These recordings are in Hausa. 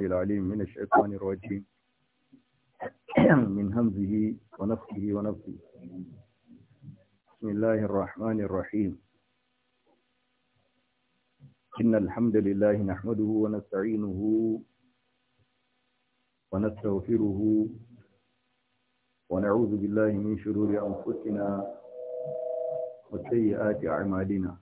العليم من الشيطان الرجيم من همزه ونفسه ونفسه بسم الله الرحمن الرحيم إن الحمد لله نحمده ونستعينه ونستغفره ونعوذ بالله من شرور أنفسنا وسيئات أعمالنا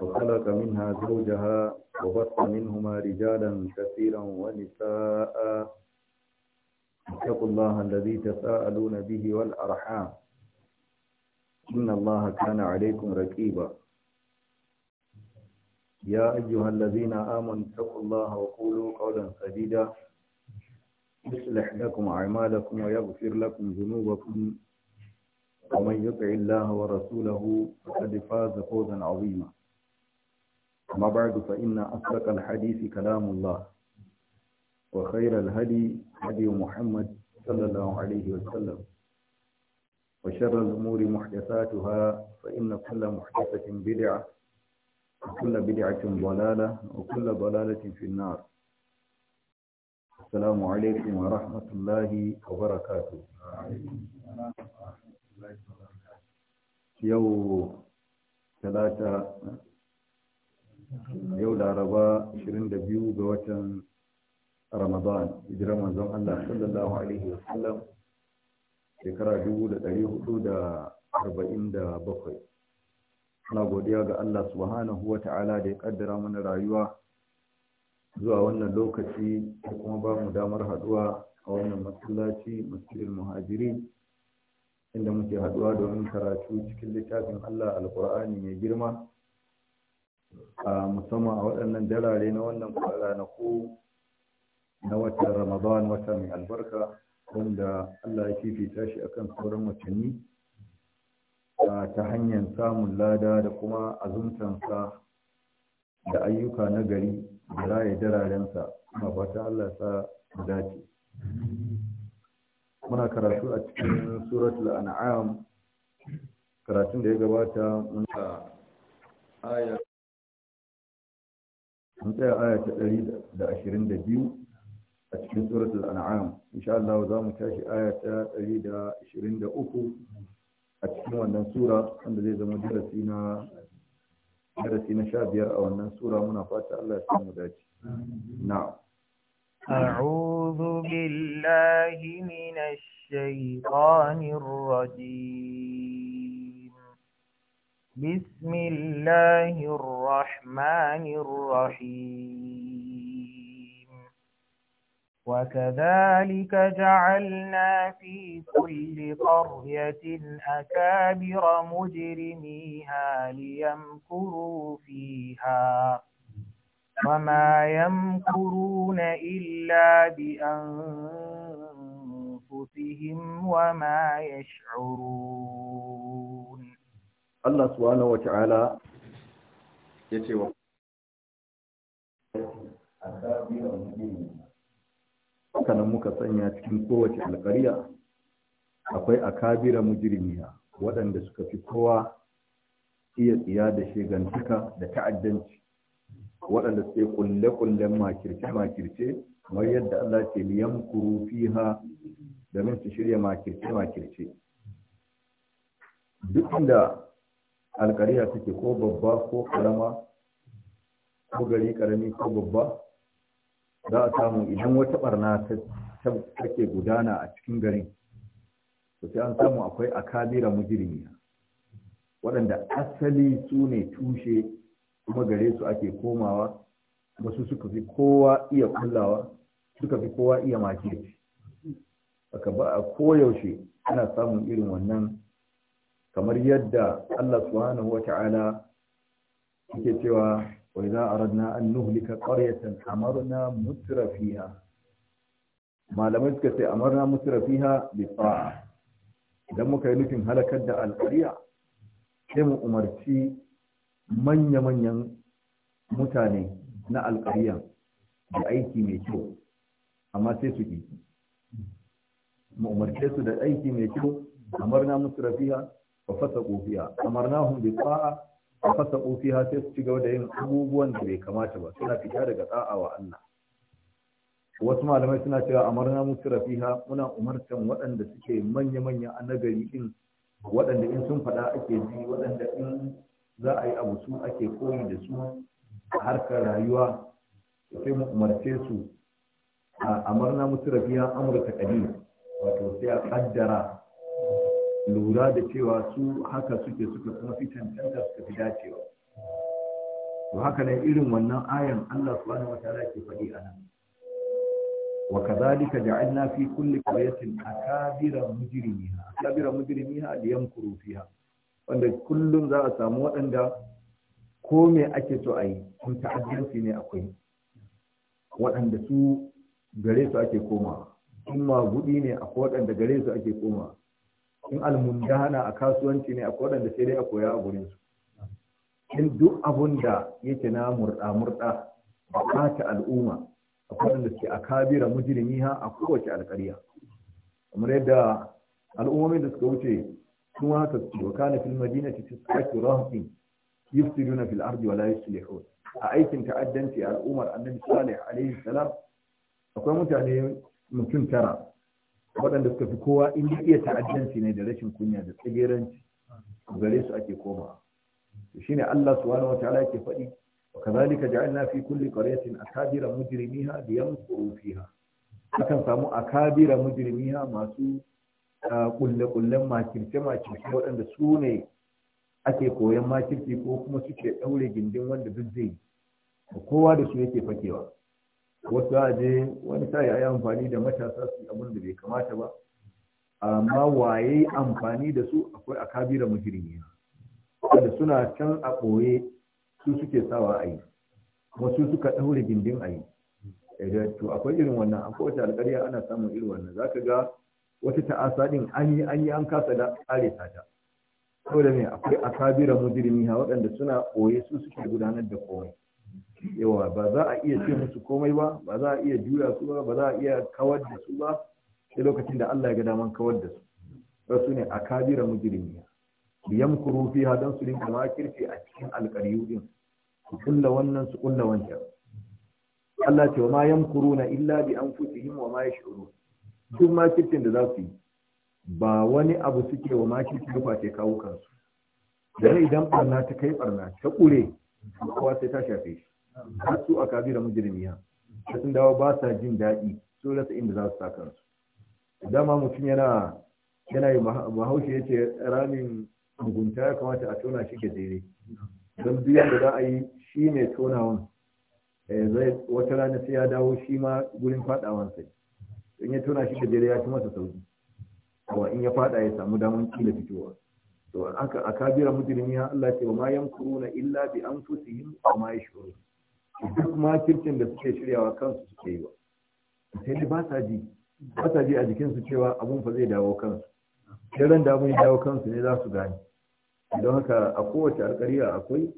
وخلق منها زوجها وبث منهما رجالا كثيرا ونساء اتقوا الله الذي تساءلون به والأرحام إن الله كان عليكم ركيبا يا أيها الذين آمنوا اتقوا الله وقولوا قولا سديدا يصلح لكم أعمالكم ويغفر لكم ذنوبكم ومن يطع الله ورسوله فقد فاز فوزا عظيما amma ba da fa’ina a tsakal hadisi kalamullah wa khairal hadi hadi muhammad sallallahu alaihi wa sallam wa sharar muri muhdasatu ha fa’ina kula muhdasatin bid'a a kula bid'atin balala a kula balalatin finnar assalamu alaikum wa rahmatullahi wa barakatu yau talata yau laraba 22 ga watan ramadan hijira manzon Allah sallallahu alaihi wa sallam, shekara 1447 ana godiya ga Allah subhanahu wa ta'ala da ya kaddara mana rayuwa zuwa wannan lokaci da kuma ba mu damar haduwa a wannan masallaci masjidil muhajiri inda muke haduwa domin karatu cikin littafin Allah Alƙur'ani mai girma A musamman a waɗannan darare na wannan ranaku na watan ramadan wata mai albarka wanda allah ya fifita shi akan sauran watanni ta hanyar samun lada da kuma azumtansa da ayyuka na gari da raye dararensa kuma ba ta allah sa dace muna karatu a cikin suratul an'am karatun da ya gabata muna aya mun tsaya aya ta ɗari da ashirin da biyu a cikin suratul an'am insha Allah za mu tashi aya ta ɗari da ashirin da uku a cikin wannan tsura wanda zai zama darasi na 15 a wannan tsura muna fata Allah ya samu dace na'am أعوذ بالله من الشيطان الرجيم بسم الله الرحمن الرحيم وكذلك جعلنا في كل قرية أكابر مجرميها ليمكروا فيها وما يمكرون إلا بأنفسهم وما يشعرون Allah subhanahu wa ta'ala ya ce wa hakanan muka sanya cikin kowace alƙariya akwai akabira mujrimiya waɗanda suka fi kowa iya tsiya da shegantuka da ta'addanci waɗanda suke kulle-kullen makirce-makirce kamar yadda Allah ke liyan kuru fiha domin su shirya makirce-makirce duk inda alkariya take ko babba ko karama ko gari karami ko babba za a samu idan wata ɓarna ta take gudana a cikin garin to sai an samu akwai akabira mujrimiya waɗanda asali su ne tushe kuma gare su ake komawa wasu suka fi kowa iya kullawa suka fi kowa iya makirci aka ba a koyaushe ana samun irin wannan kamar yadda Allah subhanahu wata'ala yake cewa wai wa idza aradna an nuhlika qaryatan amarna mutrafiha malamai suka ce amarna mutrafiha bi ta'a idan muka yi nufin halakar da alƙarya sai mu umarci manya-manyan mutane na alƙarya da aiki mai kyau amma sai su ki mu umarce su da aiki mai kyau amarna mutrafiha fa fasaqu fiha amarnahum bi ta'a fa fasaqu fiha sai su ci gaba da yin abubuwan da bai kamata ba suna fita daga ta'a wa Allah wasu malamai suna cewa amarna musira fiha muna umartan waɗanda suke manya-manya a nagari din waɗanda in sun faɗa ake ji waɗanda in za a yi abu su ake koyi da su a harkar rayuwa sai mu umarce su a amarna musira fiha amurka kadi wato sai a kaddara lura da cewa su haka suke suka kuma fi cancanta suka fi dacewa to haka ne irin wannan ayan Allah subhanahu wataala ke faɗi a nan wa kadhalika ja'alna fi kulli qaryatin akabira mujrimiha akabira mujrimiha liyamkuru fiha wanda kullum za a samu waɗanda ko me ake so a yi sun ta'addanci ne akwai waɗanda su gare su ake komawa in gudi ne akwai waɗanda gare su ake komawa in almundana a kasuwanci ne a waɗanda sai dai a koya a gurin su in duk abun da yake na murɗa murɗa ɓata al'umma a waɗanda suke a kabira mujirimi ha a kowace alƙarya kamar yadda al'ummomin da suka wuce sun haka su na fil madinati tisqatu rahqin yufsiduna fil ardi wa la a aikin ta'addanci al'ummar annabi salih alaihi salam akwai mutane mutum tara waɗanda suka fi kowa in iya ta'addanci ne da rashin kunya da tsageranci gare su ake shi ne Allah su wata ala yake faɗi kazalika na fi kulli qaryatin akabira mujrimiha yan fiha akan samu a akabira mujrimiha masu ƙulle-ƙullen makirce makirce waɗanda su ne ake koyan makirci ko kuma suke ɗaure gindin wanda duk zai kowa da su yake fakewa wasu aje wani sa ya yi amfani da matasa su abin da bai kamata ba amma waye amfani da su akwai a kabira mujirmiya wanda suna can a ɓoye su suke sawa a yi wasu suka ɗaure gindin a yi eh, to akwai irin wannan akwai wata alƙarya ana samun irin wannan zaka ga wata ta'asa din an yi an yi an kasa da ƙare ta saboda me akwai akabira mujirmiya waɗanda suna ɓoye su suke gudanar da komai yawa ba za a iya ce musu komai ba ba za a iya juya su ba ba za a iya kawar da su ba sai lokacin da Allah ya ga daman kawar da su su ne a kabira mujrimiya yamkuru fi dan su rinka makirce a cikin alƙariyu su kulla wannan su kulla wancan Allah ce wa ma yamkuruna illa bi anfusihim wa ma yash'urun duk makircin da za su yi ba wani abu suke wa makirci ba ce kawo kansu dan idan barna ta kai barna ta kure kowa sai ta shafe shi har su a kabira mujrimiya sun dawo ba sa jin daɗi su rasa inda za su sa kansu dama mutum yana yana yi mahaushe ya ce ramin mugunta ya kamata a tona shi ke daidai don duk da za a yi shi ne tonawan eh, zai wata rana sai ya dawo shi ma gurin fadawan sai in ya tona shi ke daidai ya ci masa sauki in ya fada ya samu damar kila fitowa to aka akabira mujrimi ya Allah ce ma yamkuruna illa bi anfusihim wa ma yashurun duk ma kirkin da suke shiryawa kansu suke yi wa sai dai ba sa ji ba sa ji a jikinsu cewa abun fa zai dawo kansu sai ran da ya dawo kansu ne za su gane don haka a kowace alƙariya akwai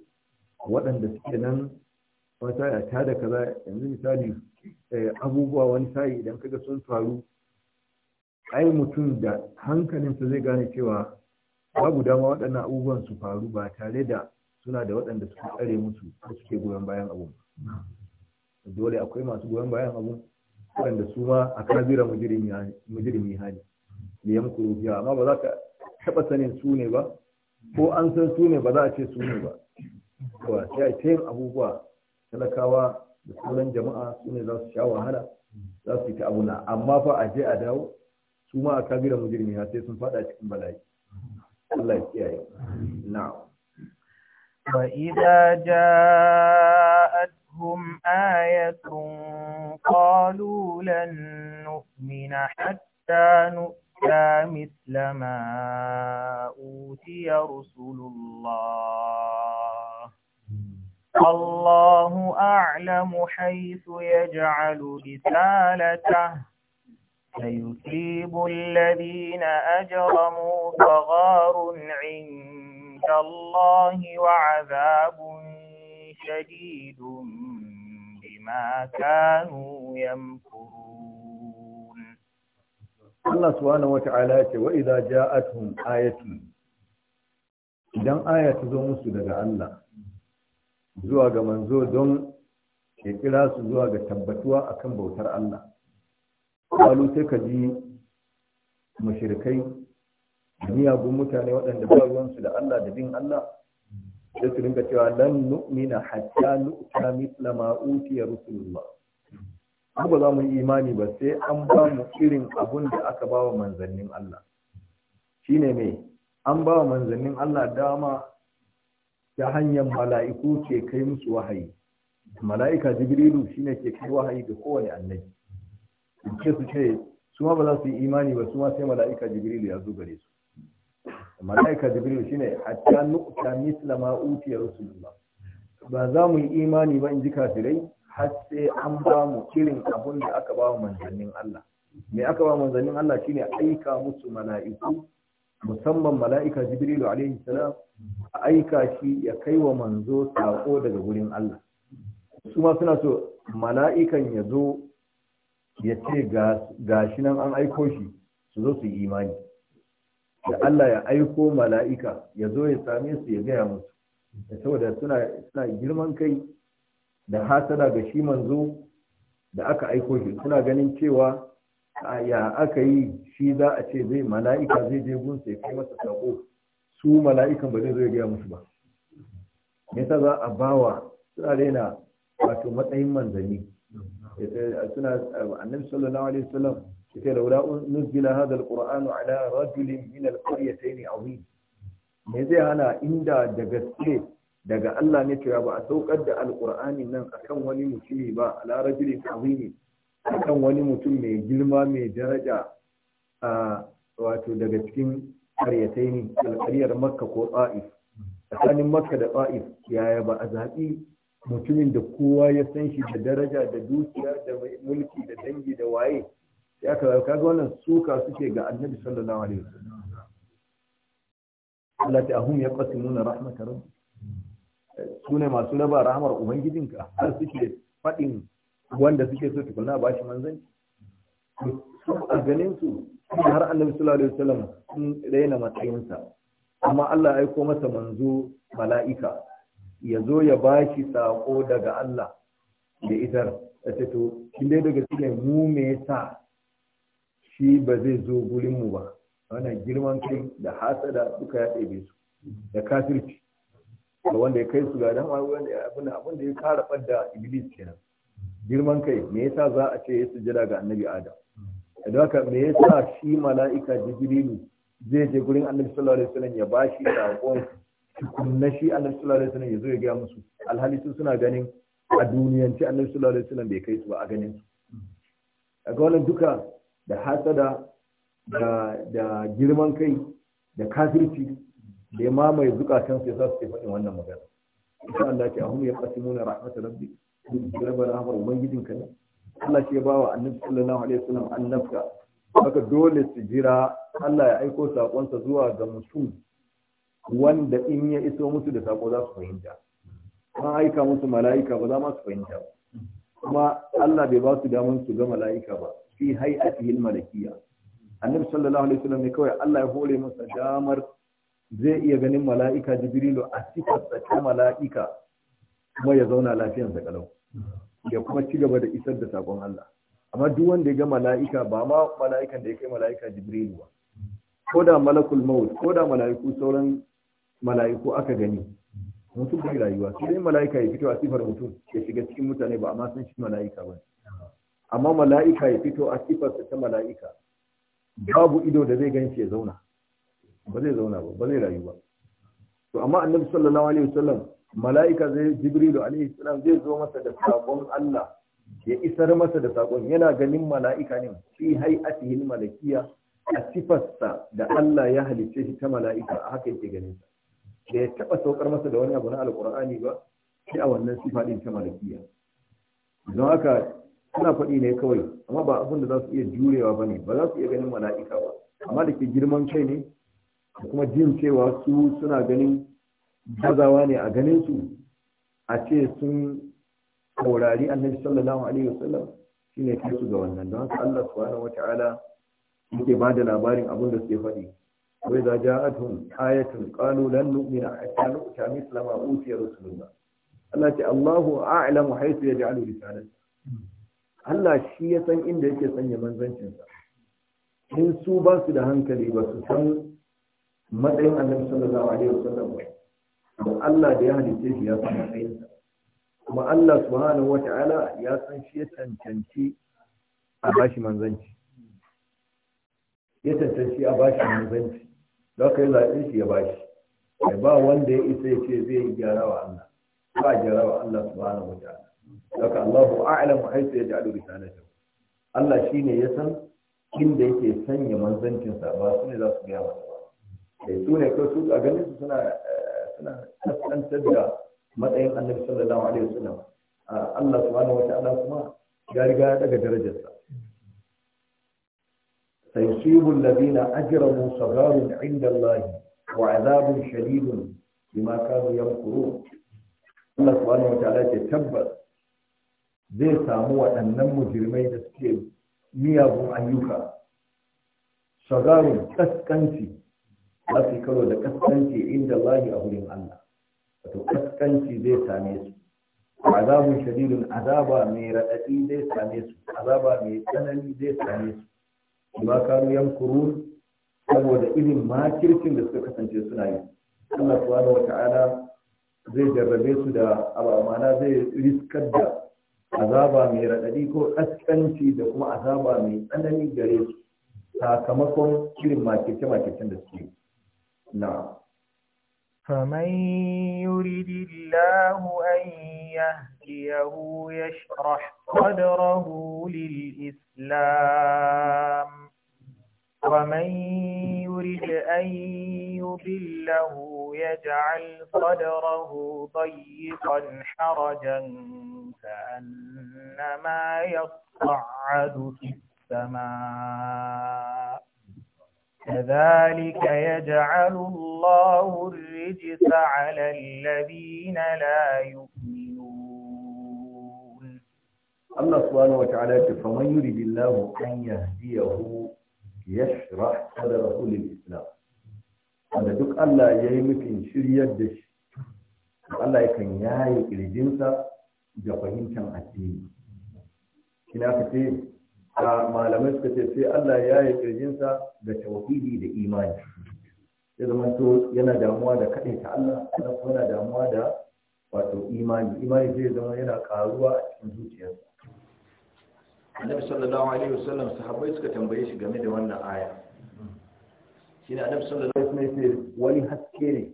waɗanda suke nan wata ya da kaza yanzu misali eh, abubuwa wani sa'i idan kaga sun faru ai mutum da hankalinsa zai gane cewa babu dama waɗannan abubuwan su faru ba tare da suna da waɗanda suka tsare musu ko suke goyon bayan abu dole akwai masu goyon bayan abu waɗanda su ma a kabira mujirmi hali da yankuru biya amma ba za ka taɓa sanin su ne ba ko an san su ne ba za a ce su ne ba ba sai a ta yin abubuwa talakawa da sauran jama'a su ne za su sha wahala za su yi ta na amma fa a je a dawo su ma a mujirimi mujirmi sai sun faɗa cikin bala'i نعم. وإذا جاءتهم آية قالوا لن نؤمن حتى نؤتى مثل ما أوتي رسل الله الله أعلم حيث يجعل رسالته سيصيب الذين أجرموا صغار عند الله وعذاب شديد بما كانوا يمكرون الله سبحانه وتعالى وإذا جاءتهم آية idan aya ta zo musu daga Allah zuwa ga manzo don ya kira su zuwa ga tabbatuwa akan bautar Allah kalu sai ka ji da miyagun mutane waɗanda ba ruwansu da Allah da bin Allah sai su rinka cewa lan nu'mina hatta nu'ta mithla ma utiya rusulullah mu ba za mu yi imani ba sai an ba mu irin abun da aka ba wa manzannin Allah shine me an ba wa manzannin Allah dama ta hanyar mala'iku ke kai musu wahayi mala'ika jibrilu shine ke kai wahayi ga kowane annabi ce su ce su ma ba za su yi imani ba su ma sai mala'ika jibril ya zo gare su mala'ika jibril shine hatta nu'ta misla ma utiya rasulullah ba za mu yi imani ba in ji kafirai har sai an ba mu kirin abun da aka ba manzannin Allah me aka ba manzannin Allah shine aika musu mala'iku musamman mala'ika jibrilu alaihi salam a aika shi ya kai wa manzo sako daga gurin Allah su ma suna so mala'ikan ya zo ya ce ga shi nan an aiko shi su zo su yi imani da Allah ya aiko mala'ika ya zo ya same su ya gaya musu da saboda suna girman kai da hasada ga shi manzo da aka aiko shi suna ganin cewa ya aka yi shi za a ce zai mala'ika zai je gunsa ya kai masa sako su mala'ikan ba zai zo ya gaya musu ba yasa za a bawa suna daina wato matsayin manzanni suna annabi sallallahu alaihi wasallam yace laula nuzila hadha alqur'anu ala rajulin min alqaryatayn azim me zai hana inda da gaske daga Allah ne cewa ba a saukar da alkur'ani nan akan wani mutumi ba ala rajulin azim akan wani mutum mai girma mai daraja wato daga cikin qaryatayn alqaryar makka ko ta'if tsakanin makka da ta'if yaya ba a zaɓi mutumin da kowa ya san shi da daraja da dukiya da mulki da dangi da waye ya aka Ka kaga wannan suka suke ga annabi sallallahu alaihi wasallam Allah ta ahum yaqsimuna rahmat rabb sune masu raba rahmar ubangijinka har suke fadin wanda suke so tukunna ba shi manzanci su a ganin su har annabi sallallahu alaihi wasallam sun raina matsayinsa amma Allah ya aiko masa manzo mala'ika ya zo ya ba shi sako daga Allah da itar a ce to shi dai daga cikin mu me yasa shi ba zai zo gurin mu ba wannan girman kai da hasada duka ya ɗebe su da kafirci da wanda ya kai su ga dan abin abin da ya kara da iblis kenan girman kai me yasa za a ce ya sujada ga annabi adam idan haka me yasa shi mala'ika jibrilu zai je gurin annabi sallallahu alaihi wasallam ya bashi sako? tukunna shi annabi sallallahu alaihi wasallam ya zo ya gaya musu alhali sun suna ganin a duniyance annabi sallallahu alaihi wasallam bai kai su ba a ganin su A ga wannan duka da hasada da da girman kai da kafirci da ya mamaye zukatan su yasa su ke faɗin wannan magana insha Allah ki ahum yaqsimuna rahmat rabbi rabbana rahmar ka ne Allah ke ya bawa annabi sallallahu alaihi wasallam annabka haka dole su jira Allah ya aiko sakonsa zuwa ga mutum wanda in ya iso musu da sako za su fahimta an aika musu mala'ika ba za ma su fahimta kuma Allah bai ba su damar su ga mala'ika ba fi hay'atihil malakiya annabi sallallahu alaihi wasallam ne kawai Allah ya hore masa damar zai iya ganin mala'ika jibrilu a sifar ta mala'ika kuma ya zauna lafiyansa kalau ya kuma ci gaba da isar da sakon Allah amma duk wanda ya ga mala'ika ba ma mala'ikan da ya kai mala'ika jibrilu ba ko da malakul maut ko da mala'iku sauran mala'iku aka gani mutum bai rayuwa sai dai mala'ika ya fito a sifar mutum ya shiga cikin mutane ba amma sun shi mala'ika ba amma mala'ika ya fito a sa ta mala'ika babu ido da zai ganshi ya zauna ba zai zauna ba ba zai rayu ba to amma annabi sallallahu alaihi wasallam mala'ika zai jibrilu alaihi salam zai zo masa da sakon Allah ya isar masa da sakon yana ganin mala'ika ne fi hay'atihi malakiya a sifarsa da Allah ya halicce shi ta mala'ika a haka yake ganin sa da ya taɓa saukar masa da wani abu na alkur'ani ba sai a wannan sifa din ta malakiya don haka suna faɗi ne kawai amma ba abin da za su iya jurewa ba ne ba za su iya ganin mala'ika ba amma da ke girman kai ne da kuma jin cewa su suna ganin gazawa ne a ganin su a ce sun taurari annabi sallallahu alaihi wasallam shine kai su ga wannan don haka Allah subhanahu wataala yake ba da labarin abin da suke faɗi وإذا جاءتهم آية قالوا لن نؤمن حتى نؤتى مثل ما أوتي رسول الله التي الله أعلم حيث يجعل رسالته Allah shi ya san inda yake sanya manzancinsa in su ba da hankali ba su san matsayin annabi sallallahu alaihi wasallam ba Allah da ya halice shi ya san kuma Allah subhanahu ta'ala ya san shi ya tantance a bashi manzanci ya a bashi manzanci don ka yi zaɓe shi ya bashi ai ba wanda ya isa ya ce zai yi gyara wa Allah ba gyara wa Allah subhanahu wa ta'ala don ka Allahu ya haythu yaj'alu risalatahu Allah shi ne ya san inda yake sanya manzancinsa ba su ne za su gaya masa ba sai eh, su ne kai su a ganin su suna eh, suna kaskantar da matsayin annabi sallallahu alaihi wasallam ah, Allah subhanahu wa ta'ala kuma ya riga ya daga darajarsa سيصيب الذين أجرموا صغار عند الله وعذاب شديد بما كانوا يمكرون Allah subhanahu wa ta'ala tabbas zai samu waɗannan mujirmai da suke miyagun ayyuka shagarun kaskanci za su karo da kaskanci inda lahi a wurin Allah wato kaskanci zai same su azabun shadidun azaba mai raɗaɗi zai same su azaba mai tsanani zai same su bima kanu kuru saboda irin makircin da suka kasance suna yi Allah subhanahu wata'ala zai jarrabe su da abamana zai riskar da azaba mai raɗaɗi ko askanci da kuma azaba mai tsanani gare su sakamakon irin makirce-makircen da suke na فمن يريد الله أن يهديه يشرح صدره للإسلام ومن يرد أن يضله يجعل صدره ضيقا حرجا كأنما يصعد في السماء كذلك يجعل الله الرجس على الذين لا يؤمنون Allah subhanahu wa ta'ala ce faman yuridillahu an yahdiyahu yashrah sadrahu lil islam wanda duk Allah ya yi nufin shiryar da shi Allah yakan yaye kirjinsa da fahimtar addini kina ka ce malamai suka ce sai Allah ya yaye kirjinsa da tauhidi da imani ya zama to yana damuwa da ta Allah yana damuwa da wato imani imani zai zama yana karuwa a cikin zuciyarsa annabi sallallahu alaihi wasallam sahabbai suka tambaye shi game da wannan aya shine annabi sallallahu alaihi wasallam yace wani haske ne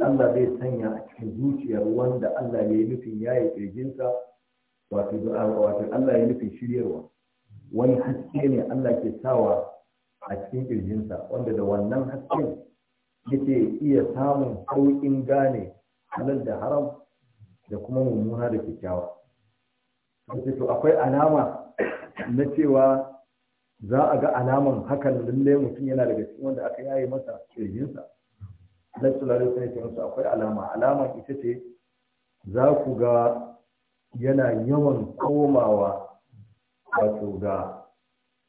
Allah zai sanya a cikin zuciyar wanda Allah ya yi nufin ya yi kirjinsa wato wato Allah ya yi nufin shiryarwa wani haske ne Allah ke sawa a cikin kirjinsa wanda da wannan hasken yake iya samun sauƙin gane halal da haram da kuma mummuna da kyakkyawa. Wato akwai alama na cewa za a ga alaman hakan lalle mutum yana daga cikin wanda aka yaye masa kirjinsa Allah sallallahu alaihi musu akwai alama alama ita ce za ku ga yana yawan komawa wato ga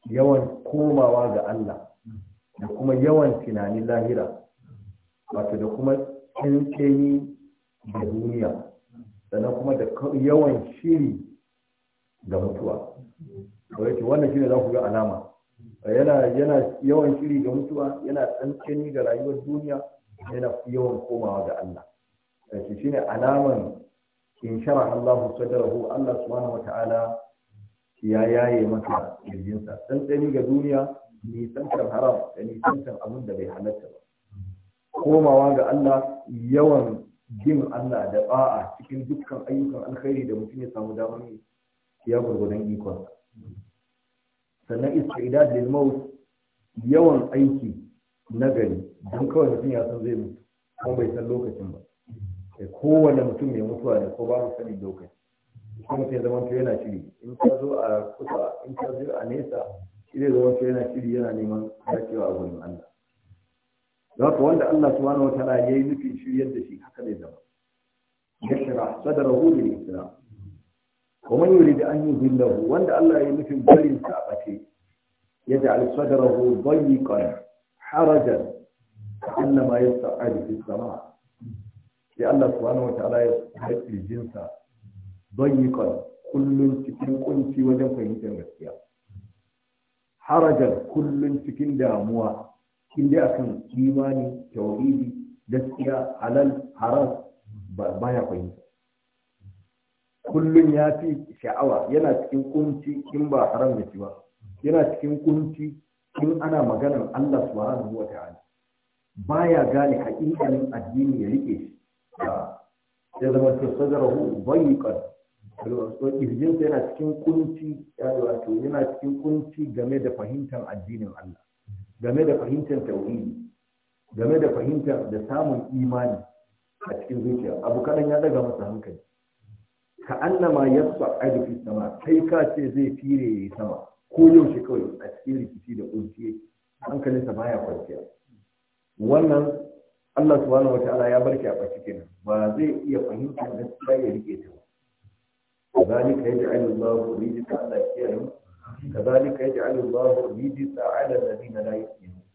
yawan komawa ga Allah da kuma yawan tunanin lahira wato da kuma tsinkeni da duniya sannan kuma da yawan shiri ga mutuwa to yake wannan shine za ku ga alama yana yana yawan shiri ga mutuwa yana tsantseni ga rayuwar duniya yana yawan komawa ga Allah shi shine alaman in shara Allahu sadrahu Allah subhanahu wataala ya yaye masa kirjinsa tsantseni ga duniya tsantsan haram da tsantsan abin da bai halatta ba komawa ga Allah yawan jin Allah da ba'a cikin dukkan ayyukan alkhairi da mutum ya samu damar yi ya gurgudan ikon sannan istidad lil maut yawan aiki na gari don kawai mutum ya san zai mutu kuma bai san lokacin ba kowane mutum mai mutuwa ne ko ba mu sani lokaci kuma sai zaman zama to yana shiri in ka zo a kusa in ka zo a nesa shi ne zama to yana shiri yana neman dacewa a gurin Allah za ka wanda Allah subhanahu wataala ya yi nufin shiryar da shi haka zai zama yashra sadrahu lil islam wa man yurid an yudillahu wanda Allah ya yi nufin barin sa a bace yaj'al sadrahu dayyqan harajan innama yas'adu fis sama' sai Allah subhanahu wa ta'ala ya haƙi jinsa dayyqan kullun cikin kunci wajen fahimtar gaskiya harajan kullun cikin damuwa cikin a kan imani tauhidi gaskiya halal haram ba ya fahimta kullum ya fi sha'awa yana cikin kunci in ba haram da shi ba yana cikin kunci in ana maganar Allah subhanahu wa ta'ala baya gane haƙiƙanin addini ya rike shi ya zama to sadarahu bayyukan irjinsa yana cikin kunci wato yana cikin kunci game da fahimtar addinin Allah game da fahimtar tauhidi game da fahimtar da samun imani a cikin zuciya abu kadan ya daga masa hankali ka annama yasfa aiki sama kai ka ce zai fire yi sama ko yaushe kawai a cikin rikici da kunci hankalinsa baya kwanciya wannan Allah subhanahu wataala ya barke a baki ba zai iya fahimta gaskiya ya rike ta ba kadhalika yaj'alu Allahu rijsa ala kiyamu kadhalika yaj'alu Allahu rijsa ala alladhina la yu'minun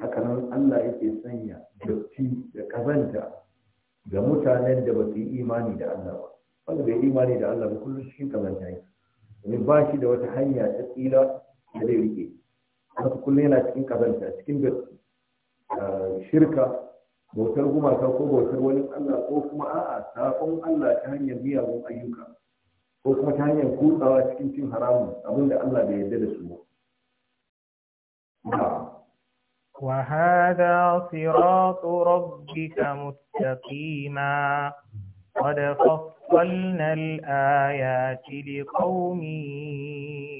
haka nan Allah yake sanya dotti da kazanta ga mutanen da ba su yi imani da Allah ba wanda bai imani da Allah ba kullum cikin kazanta yake domin ba shi da wata hanya ta tsira da zai rike haka kullum yana cikin kazanta cikin da ah, shirka bautar gumaka ko bautar wani Allah ko kuma a'a sakon Allah ta hanyar miyagun ayyuka ko kuma ta hanyar kutsawa cikin cin haramun abinda Allah bai yarda da su ba وهذا صراط ربك مستقيما قد خفت وفصلنا الآيات لقوم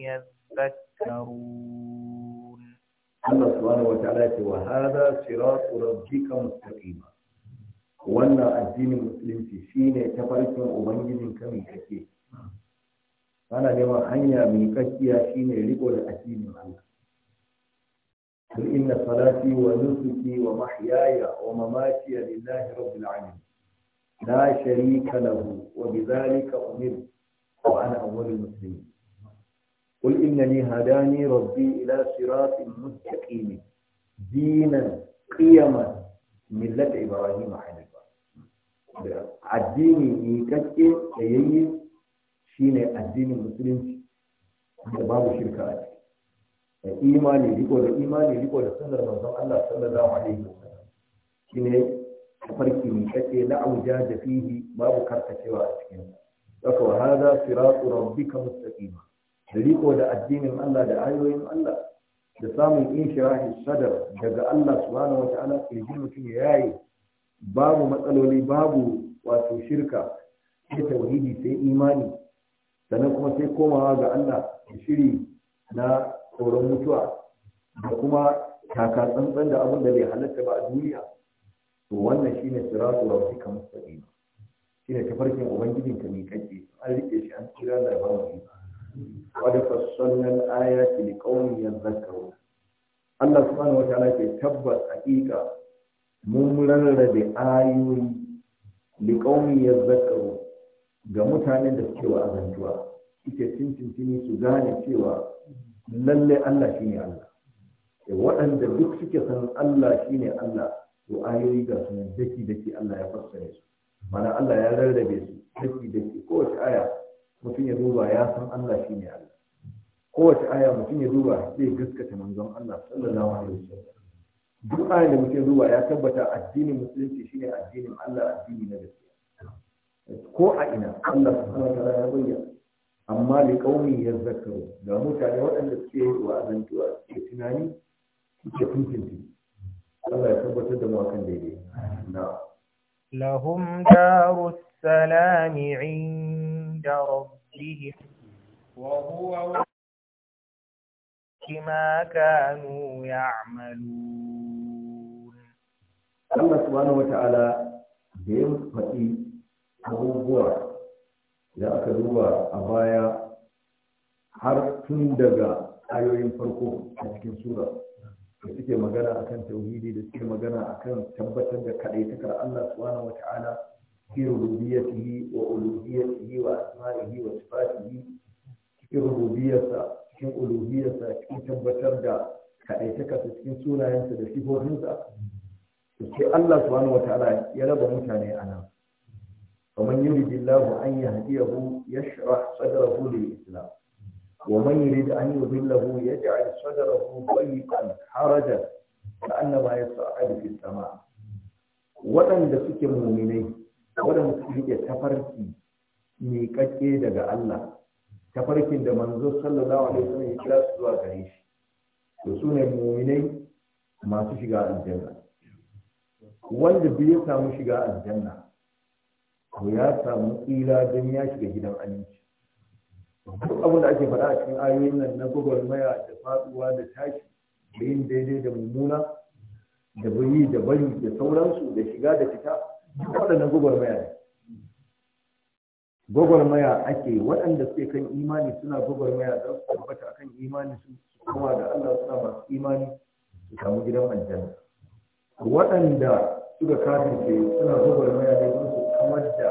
يذكرون الله سبحانه وتعالى وهذا صراط ربك مستقيما وانا الدين المسلم في سينة تفرس ومنجد كمي أنا لما حنيا من كشي أشين لقول أشين عنك قل إن صلاتي ونسكي ومحياي ومماتي لله رب العالمين لا شريك له وبذلك أمرت وأنا أول المسلمين قل إنني هداني ربي إلى صراط مستقيم دينا قيما ملة إبراهيم حنيفا addini ne kake tsayayye shine addinin musulunci da babu shirka a ciki da imani riko da imani riko da Allah sallallahu alaihi wasallam shine farki mai kake la auja da fihi babu karkacewa a cikin saka wa hada siratu rabbika mustaqima riko da addinin Allah da ayoyin Allah da samun inshirahi sadar daga Allah subhanahu wa ta'ala jin mutum ya yaye babu matsaloli babu wato shirka sai tauhidi sai imani sannan kuma sai komawa ga Allah da shiri na tsoron mutuwa da kuma taka tsantsan da abin da bai halatta ba a duniya to wannan shine siratu rabbika Shi shine tafarkin ubangijin ka miƙaƙe an riƙe shi an tsira da babu qad fassalna al-ayati liqaumin yadhakkarun Allah subhanahu wataala ke tabbas haƙiƙa mun rarrabe ayoyi liqaumin yadhakkarun ga mutanen da suke wa'azantuwa suke cincin su gane cewa lalle Allah shine Allah waɗanda duk suke san Allah shine Allah to ayoyi ga su daki daki Allah ya fassare su mana Allah ya rarrabe su daki daki kowace aya mutum ya duba ya san Allah shi ne Allah kowace aya mutum ya duba zai gaskata manzon Allah sallallahu alaihi wasallam duk ayar da mutum ya duba ya tabbata addinin musulunci shine addinin Allah addini na gaskiya ko a ina Allah subhanahu wa ta'ala ya bayyana amma li qaumi yazakkaru da mutane waɗanda suke wa'azantuwa suke tunani suke kuntunta Allah ya tabbatar da mu akan daidai na lahum daru salami inda rabbihi wa huwa kima kanu ya'malun Allah subhanahu wata'ala da ya faɗi abubuwa da aka duba a baya har tun daga ayoyin farko a cikin sura da suke magana a kan tauhidi da suke magana a kan tabbatar da kaɗaitakar Allah subhanahu wata'ala fi rububiyyatihi wa uluhiyyatihi wa asma'ihi wa sifatihi cikin rububiyyarsa cikin uluhiyyarsa cikin tabbatar da kadaitakar cikin sunayensa da sifofinsa to sai Allah subhanahu wata'ala ya raba mutane a nan ومن يريد الله أن يهديه يشرح صدره Islam. ومن يريد أن يضله يجعل صدره ضيقا حرجا كأنما يصعد في السماء waɗanda suke muminai waɗanda suke rike tafarki miƙaƙƙe daga Allah tafarkin da manzo sallallahu alaihi wasallam ya kira su zuwa gare shi to su ne masu shiga aljanna wanda bai ya samu shiga aljanna to ya samu tsira don ya shiga gidan aminci duk abin da ake faɗa a cikin ayoyin nan na gwagwarmaya da faduwa da tashi da yin daidai da mummuna da bayi da bari da sauransu da shiga da fita duk waɗannan gwagwarmaya ne gwagwarmaya ake waɗanda suke kan imani suna gwagwarmaya don su tabbata kan imani su kuma da Allah suna masu imani su samu gidan aljanna waɗanda suka ke suna gwagwarmaya ne su kamar da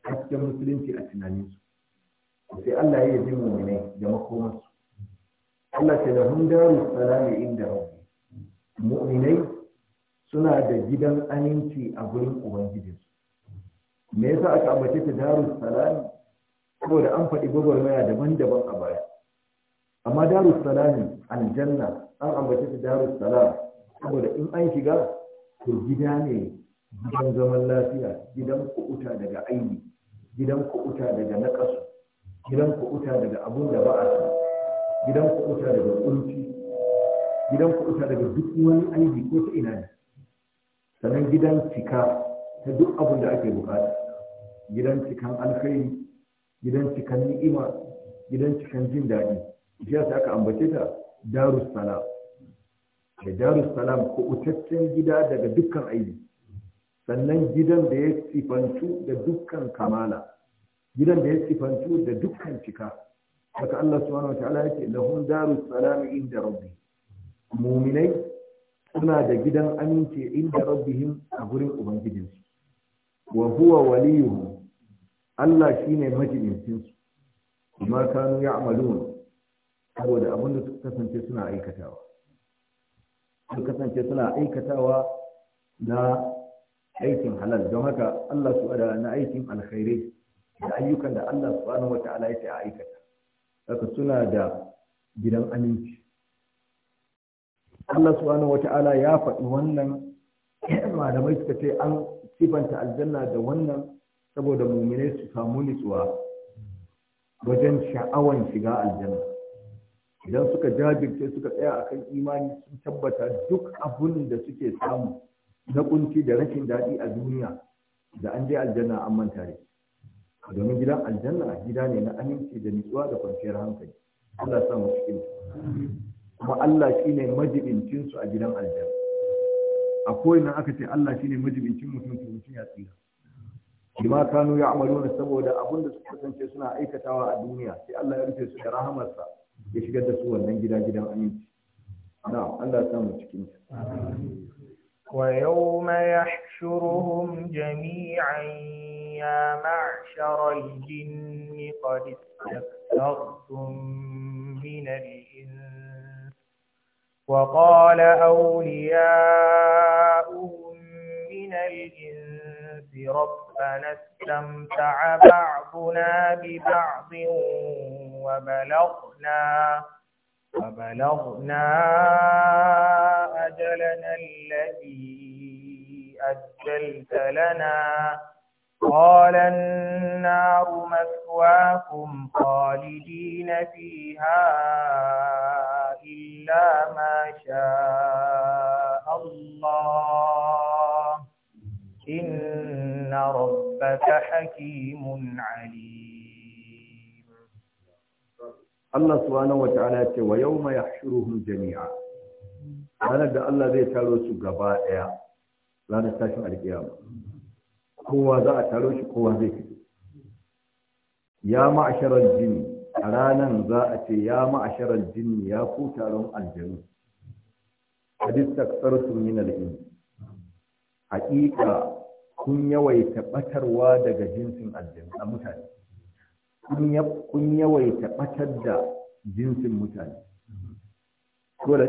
hasken musulunci a tunaninsu sai Allah ya ji mu'minai da makomansu Allah ce da hun daru salami inda rabbi mu'minai suna da gidan aminci a gurin ubangijinsu me yasa aka ambace ta daru salami saboda an faɗi gwagwarmaya daban-daban a baya amma daru salami aljanna an ambace ta daru salam saboda in an shiga to gida ne gidan zaman lafiya gidan kuɓuta daga aini gidan kuɓuta daga naƙasu gidan kuɓuta daga abun da ba a so gidan kuɓuta daga ƙunci gidan kuɓuta daga duk wani aiki ko ta ina ne sannan gidan cika ta duk abun da ake bukata gidan cikan alkhairi gidan cikan ni'ima gidan cikan jin daɗi shi yasa aka ambace ta salam da darussalam kuɓutaccen gida daga dukkan aiki sannan gidan da ya sifantu da dukkan kamala gidan da ya sifantu da dukkan cika haka Allah subhanahu wa ta'ala yake lahum darus salam inda rabbi mu'minai suna da gidan aminci inda rabbihim a gurin ubangijinsu wa huwa waliyuhum Allah shine majibincin su kuma kanu ya'malun saboda abin da suka kasance suna aikatawa suka kasance suna aikatawa na aikin halal don haka Allah su na aikin alkhairi. da ayyukan da Allah subhanahu wa ta'ala ya a aikata haka suna da gidan aminci Allah subhanahu wa ta'ala ya faɗi wannan malamai suka ce an sifanta aljanna da wannan saboda muminai su samu nutsuwa wajen sha'awan shiga aljanna idan suka jajirce suka tsaya akan imani sun tabbata duk abun da suke samu na kunci da rashin daɗi a duniya da an je aljanna an manta da shi domin gidan aljanna gida ne na aminci da nutsuwa da kwanciyar hankali Allah ya sa mu cikin kuma Allah shine majibincin su a gidan aljanna a koyina aka ce Allah shine majibincin mutum to mutum ya tsira bima kanu ya'maluna saboda abin da suka kasance suna aikatawa a duniya sai Allah ya rufe su da rahamarsa ya shigar da su wannan gida gidan aminci na'am Allah ya sa mu cikin wa yawma yahshuruhum jami'an يا معشر الجن قد استكثرتم من الإنس وقال أولياؤهم من الإنس ربنا استمتع بعضنا ببعض وبلغنا وبلغنا أجلنا الذي أجلت لنا قال النار مثواكم خالدين فيها إلا ما شاء الله إن ربك حكيم عليم الله سبحانه وتعالى ويوم يحشرهم جميعا ranar da Allah zai taro لا نستشعر ɗaya kowa za a taro shi kowa zai fito ya ma'asharar jini a ranan za a ce ya ma'asharar jini ya ku taron aljanu hadis taksar sun na al'in haƙiƙa kun yawaita batarwa daga jinsin aljanu a mutane kun yawaita batar da jinsin mutane ko da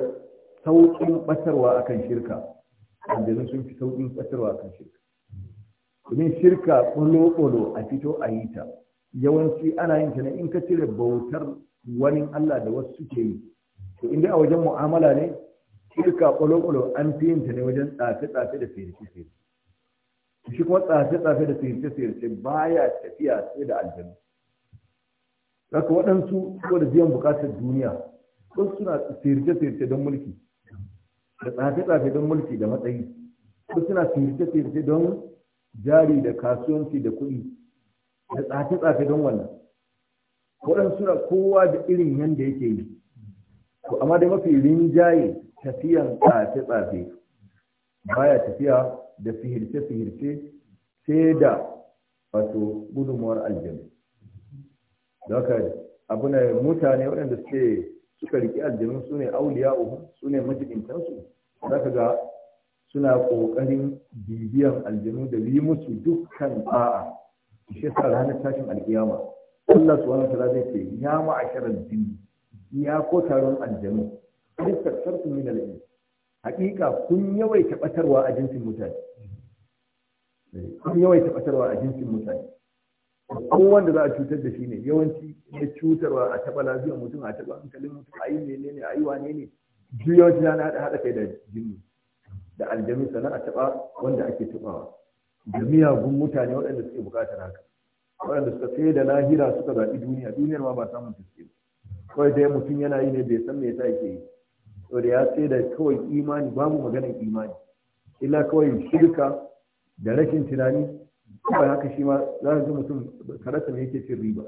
sauƙin batarwa akan shirka aljanu sun fi sauƙin batarwa akan shirka domin shirka ƙulo-ƙulo a fito a yi ta yawanci ana yin ta ne in ka cire bautar wani Allah da wasu suke yi to inda a wajen mu'amala ne shirka ƙulo-ƙulo an fi yin ta ne wajen tsafe-tsafe da firce-firce shi kuma tsafe-tsafe da firce-firce baya tafiya sai da aljanu haka waɗansu ko da biyan buƙatar duniya wasu suna firce-firce don mulki da tsafe-tsafe don mulki da matsayi wasu suna firce-firce don jari da kasuwanci da kuɗi da tsafe-tsafe don wannan waɗansu suna kowa da irin yadda yake yi to amma dai mafi rinjaye tafiyan tsafe-tsafe baya tafiya da fihirce-fihirce sai da wato gudunmuwar aljanu da haka abu na mutane waɗanda suke suka riƙe aljanu su ne auliya uku su ne majibintansu za ka ga suna ƙoƙarin bibiyan aljanu da yi musu dukkan ba'a shi sa ranar tashin alkiyama Allah subhanahu wataala zai ce ya ma'asharal jini. ya ko taron aljanu duk taksartu min al haƙiƙa kun yawaita batarwa a jinsin mutane eh, kun yawaita batarwa a jinsin mutane wanda za a cutar da shi ne yawanci ya cutarwa a taɓa lafiyar mutum a taɓa hankalin mutum a yi menene a yi wane ne duk yawanci na haɗa kai da jinni da aljami sana'a taba taɓa wanda ake taɓawa da miyagun mutane waɗanda suke buƙatar haka waɗanda suka sai da lahira suka zaɓi duniya duniyar ma ba samun ba kawai dai mutum yana yi ne bai san me yasa yake yi to da ya sai da kawai imani babu maganar imani illa kawai shirka da rashin tunani kuma haka shi ma za ka ji mutum karasa me yake cin riba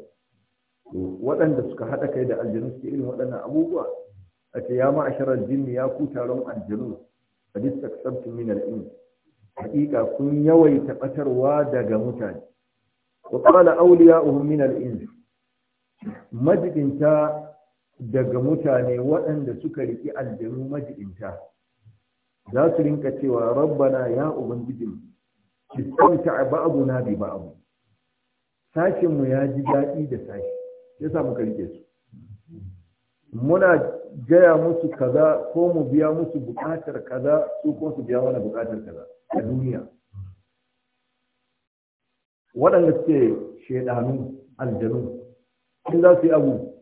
waɗanda suka haɗa kai da aljanu suke irin waɗannan abubuwa a ce ya ma'asharar jinni ya ku taron aljanu hadis taksabtu min al-in hakika kun yawaita batarwa daga mutane wa qala awliya'uhum min al-in majidinta daga mutane waɗanda suka riki aljanu majidinta za su rinka cewa rabbana ya ubangijin istanta na bi ba'abu sashin mu ya ji daɗi da sashi ya samu karke su muna gaya musu kaza ko mu biya musu bukatar kaza su ko su biya wani bukatar kaza a duniya waɗanda suke shaidanu aljanu in za su yi abu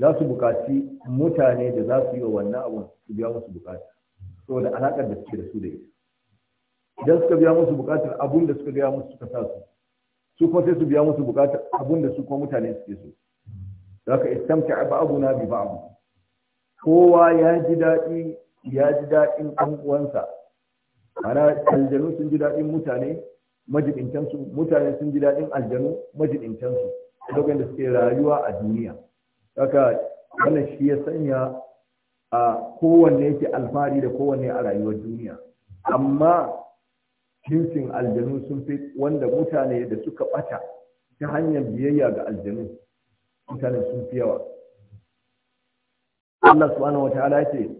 za su bukaci mutane da za su yi wa wannan abun su biya musu bukata saboda alaƙar da suke da su da ita idan suka biya musu bukatar abun da suka biya musu suka sa su su kuma sai su biya musu bukatar abun da su kuma mutane suke so Za ka istamta na bi abu kowa ya ji daɗi ya ji daɗin ɗan uwansa ana aljanu sun ji daɗin mutane majibintansu mutane sun ji daɗin aljanu majibintansu lokacin da suke rayuwa a duniya haka wannan shi ya sanya a kowanne yake alfahari da kowanne a rayuwar duniya amma jinsin aljanu sun fi wanda mutane da suka ɓata ta hanyar biyayya ga aljanu mutane sun fi yawa Allah subhanahu wataala ya ce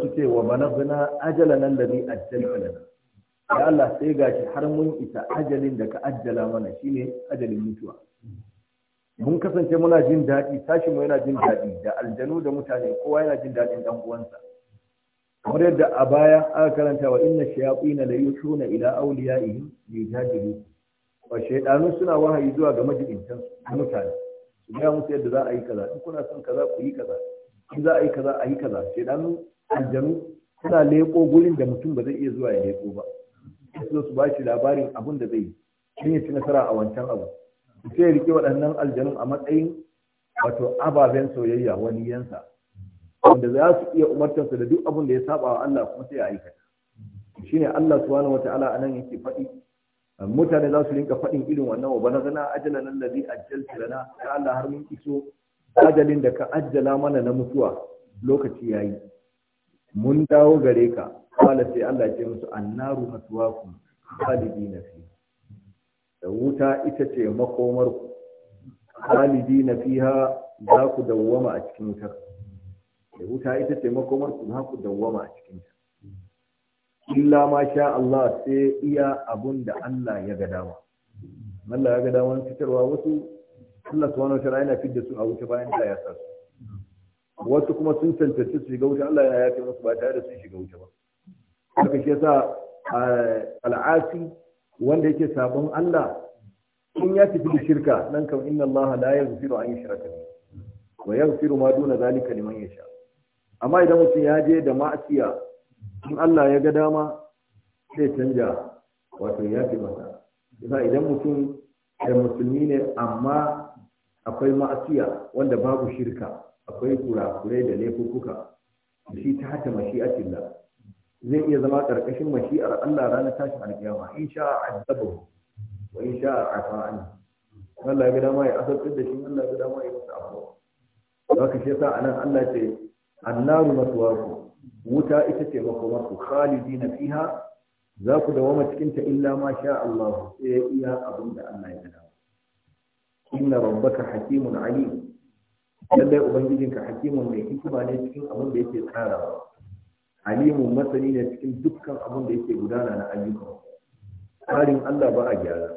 su ce wa balaghna ajalana alladhi ajjalta lana ya Allah sai ga gashi har mun isa ajalin da ka ajjala mana shine ajalin mutuwa mun kasance muna jin daɗi tashi mu yana jin daɗi da aljanu da mutane kowa yana jin daɗin dan uwansa kamar yadda a baya aka karanta wa inna shayatina la yushuna ila awliyaihim yujadilu wa shaydanu suna wahayi zuwa ga majibintan mutane su musu yadda za a yi kaza in kuna son kaza ku yi kaza in za a yi kaza a yi kaza Sai dan aljanu suna leƙo gurin da mutum ba zai iya zuwa ya leƙo ba sai su ba shi labarin abin da zai yi shi ya ci nasara a wancan abu sai ya rike waɗannan aljanun a matsayin wato ababen soyayya wani yansa wanda za su iya umartarsa da duk abin da ya saba wa Allah kuma sai ya aikata shine Allah subhanahu wata'ala anan yake faɗi mutane za su rinka faɗin irin wannan wa bana zana ajalan allazi ajjalta lana ya Allah har mun iso ajalin da ka ajjala mana na mutuwa lokaci ya yi. mun dawo gare ka kala sai Allah ce musu annaru halibi khalidina fi da wuta ita ce makomar ku khalidina fiha za ku dawwama a cikin ta da wuta ita ce makomar ku za ku dawwama a cikin ta illa ma sha Allah sai iya abun da Allah ya ga dama Allah ya ga daman fitarwa wasu Allah subhanahu wataala yana fidda su a wuta bayan da ya sa su wasu kuma sun cancanci su shiga wuce, Allah ya yafe musu ba tare da sun shiga wuce ba haka shi yasa al'asi wanda yake sabon Allah in ya tafi da shirka nan kam inna Allah la yaghfiru an yushraka wa yaghfiru ma duna zalika liman yasha amma idan mutum ya je da ma'asiya in Allah ya ga dama zai canja wato ya fi masa idan mutum da musulmi ne amma akwai ma'asiya wanda babu shirka akwai kurakurai da laifuka shi ta hata mashi'atillah zai iya zama karkashin mashi'ar Allah ranar tashin alkiyama in sha azabu wa in sha afa'ani Allah ga dama ya asabtar da shi Allah ga dama ya masa afwa zaka shi yasa anan Allah ce annaru maswaku wuta ita ce makomarku khalidina fiha za ku dawama cikin ta illa ma sha Allah sai iya abin da Allah ya gada inna rabbaka hakimun alim lallai ubangijinka hakimun mai hikima ne cikin abin da yake tsara. alimun masani ne cikin dukkan abin da yake gudana na ayyukan tsarin Allah ba a gyara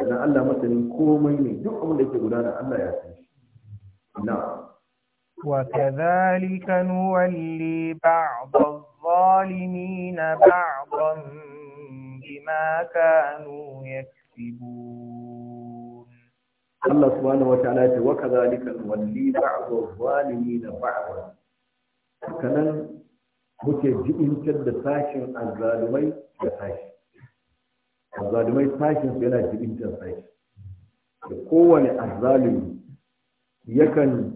sannan Allah masanin komai ne duk abin da yake gudana Allah ya san shi na وكذلك نولي بعض الظالمين بعضا بما كانوا يكسبون Allah subhanahu wataala ya ce wa kadhalika walli ba'dhu zalimin ba'dha kanan muke jibintar da sashin azzalumai da sashi azzalumai sashin su yana jibintar sashi da kowane azzalumi yakan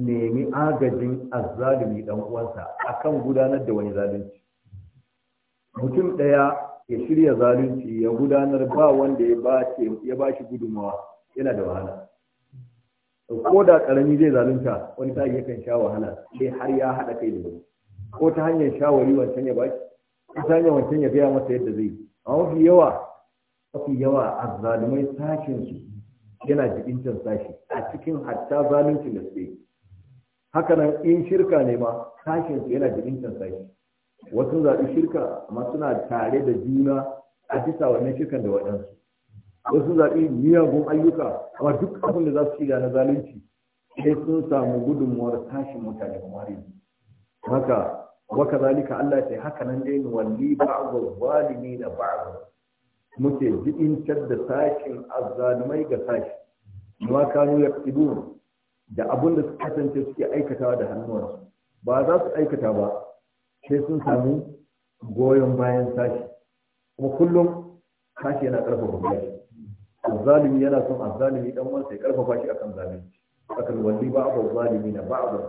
nemi agajin azzalumi dan uwansa akan gudanar da wani zalunci mutum ɗaya ya shirya zalunci ya gudanar ba wanda ya ba bashi gudunmawa yana da wahala ko da karami zai zalunta wani ta yakan sha wahala sai har ya haɗa kai da wani ko ta hanyar shawari wancan ya baki ko ta hanyar wancan ya gaya masa yadda zai amma mafi yawa mafi yawa a zalumai sashen su yana jibintan sashi a cikin hatta zaluncin da suke haka nan in shirka ne ma sashen su yana jibintan sashi wasu zaɓi shirka amma suna tare da juna a bisa wannan shirkan da waɗansu wasu zaɓi miyagun ayyuka amma duk abin da za su shiga na zalunci sai sun samu gudunmuwar tashin mutane kamar haka waka zalika Allah ce haka nan dai walli ba'dhu zalimi da ba'd muke jibintar da sashin azzalumai ga sashi ma kanu yaqidun da abin da suka kasance suke aikatawa da hannuwansu ba za su aikata ba sai sun samu goyon bayan sashi kuma kullum sashi yana ƙarfafa gwamnati الظالم يلا صن الظالم يدمر سيكرف فاشي أكن ظالم أكن ولي بعض الظالمين بعض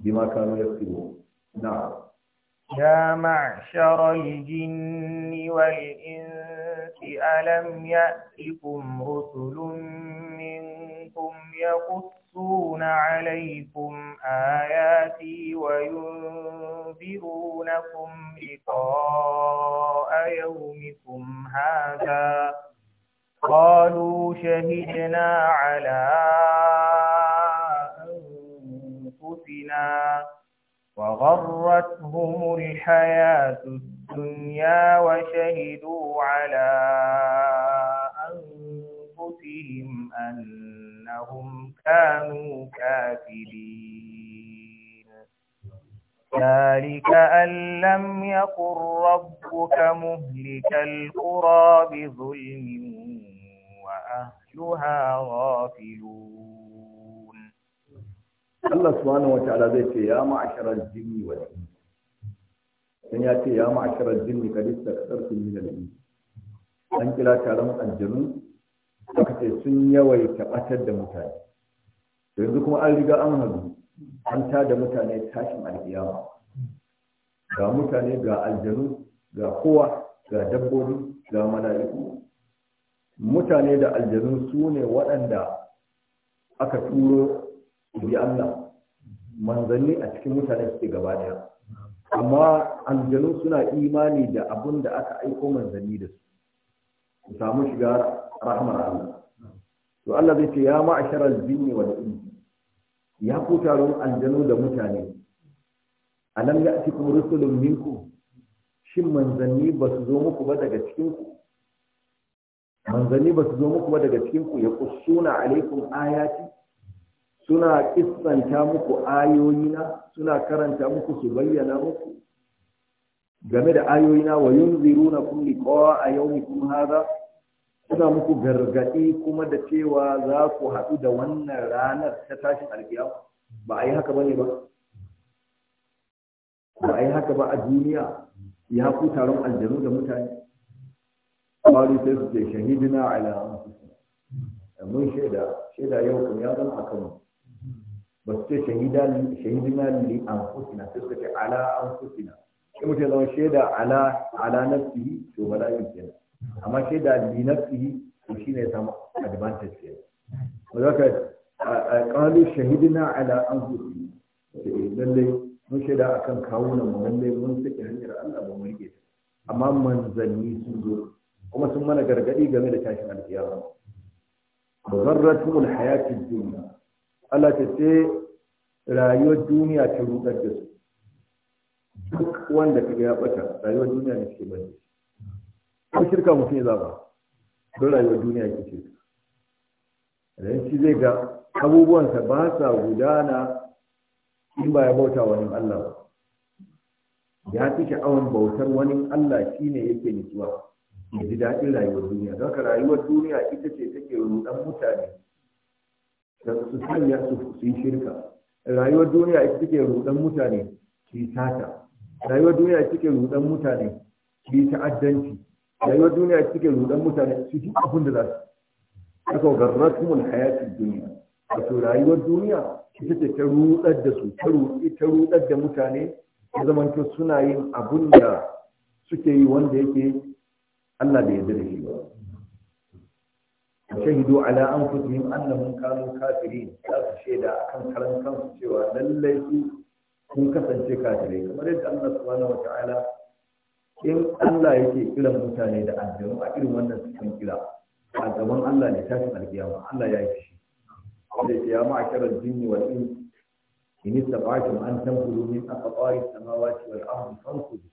بما كانوا يكتبون نعم يا معشر الجن والإنس ألم يأتكم رسل منكم يقصون عليكم آياتي وينذرونكم لقاء يومكم هذا قالوا شهدنا على أنفسنا وغرتهم الحياة الدنيا وشهدوا على أنفسهم أنهم كانوا كافرين ذلك أن لم يقل ربك مهلك القرى بظلم Allah غافلون الله سبحانه zai ce ya معشر الجن والإنس dan ya ce ya ma'asharar jinni ka lissa kasarsu min al'in an kila taron aljanu aka ce sun yawaita batar da mutane yanzu kuma an riga an hadu an ta da mutane tashin alkiyama ga mutane ga aljanu ga kowa ga dabbobi ga mala'iku mutane da aljanu su ne waɗanda aka turo bi Allah manzanni a cikin mutane suke gaba ɗaya amma aljanu suna imani da abin da aka aiko manzanni da su su samu shiga rahmar Allah to Allah zai ce ya ma'ashar jini wal insi ya ku taron aljanu da mutane alam ya'tikum rusulun minkum shin manzanni ba su zo muku ba daga cikin manzanni ba su zo muku ba daga cikin ku ya kusuna alaikum ayati suna kissanta muku ayoyina suna karanta muku su bayyana muku game da ayoyina wa yunziruna kum kowa a yawmikum hadha suna muku gargadi kuma da cewa za ku haɗu da wannan ranar ta tashin alkiyama ba a yi haka bane ba ba a haka ba a duniya ya ku taron aljanu da mutane qalu sai su ce shahidina ala anfusina mun shaida shaida yau kun ya zama akan ba su ce shahidina li anfusina sai su ce ala anfusina sai mutum zama shaida ala ala nafsihi to bala'i kenan amma shaida li nafsihi to shi ne samu advantage kenan ko zaka qalu shahidina ala anfusina eh, lallai mun shaida akan kawunan mu lallai mun saki hanyar Allah ba mu rike amma manzanni sun zo kuma sun mana gargadi game da tashin alkiyama zarratul hayatid dunya Allah ta ce rayuwar duniya ta rudar da su duk wanda ka ya bata rayuwar duniya ne ke bane ko shirka mutum ya zaba don rayuwar duniya ke ce idan shi zai ga abubuwansa ba sa gudana in ba ya bauta wani Allah ba ya fi sha'awan bautar wani Allah shine yake nutsuwa ya ji daɗin rayuwar duniya don ka rayuwar duniya ita ce take rudan mutane da su sanya su su yi shirka rayuwar duniya ita take rudan mutane su yi sata rayuwar duniya ita take rudan mutane su yi ta'addanci rayuwar duniya ita take rudan mutane su yi abin da za su aka garratumul hayatin duniya wato rayuwar duniya ita ce ta rudar da su ta rudar da mutane ya zamanto suna yin abin da suke yi wanda yake Allah bai yarda da shi ba shahidu ala an anfusihim annahum kanu kafirin za su shaida akan karan kansu cewa lallai su sun kasance kafirai kamar yadda Allah subhanahu wa ta'ala in Allah yake kiran mutane da aljanu a irin wannan cikin kira a gaban Allah ne tashin alkiyama Allah ya yi fushi da ya a kiran jinni wal in in istata'tum an tanfudu min aqtari samawati wal ardi fanfudu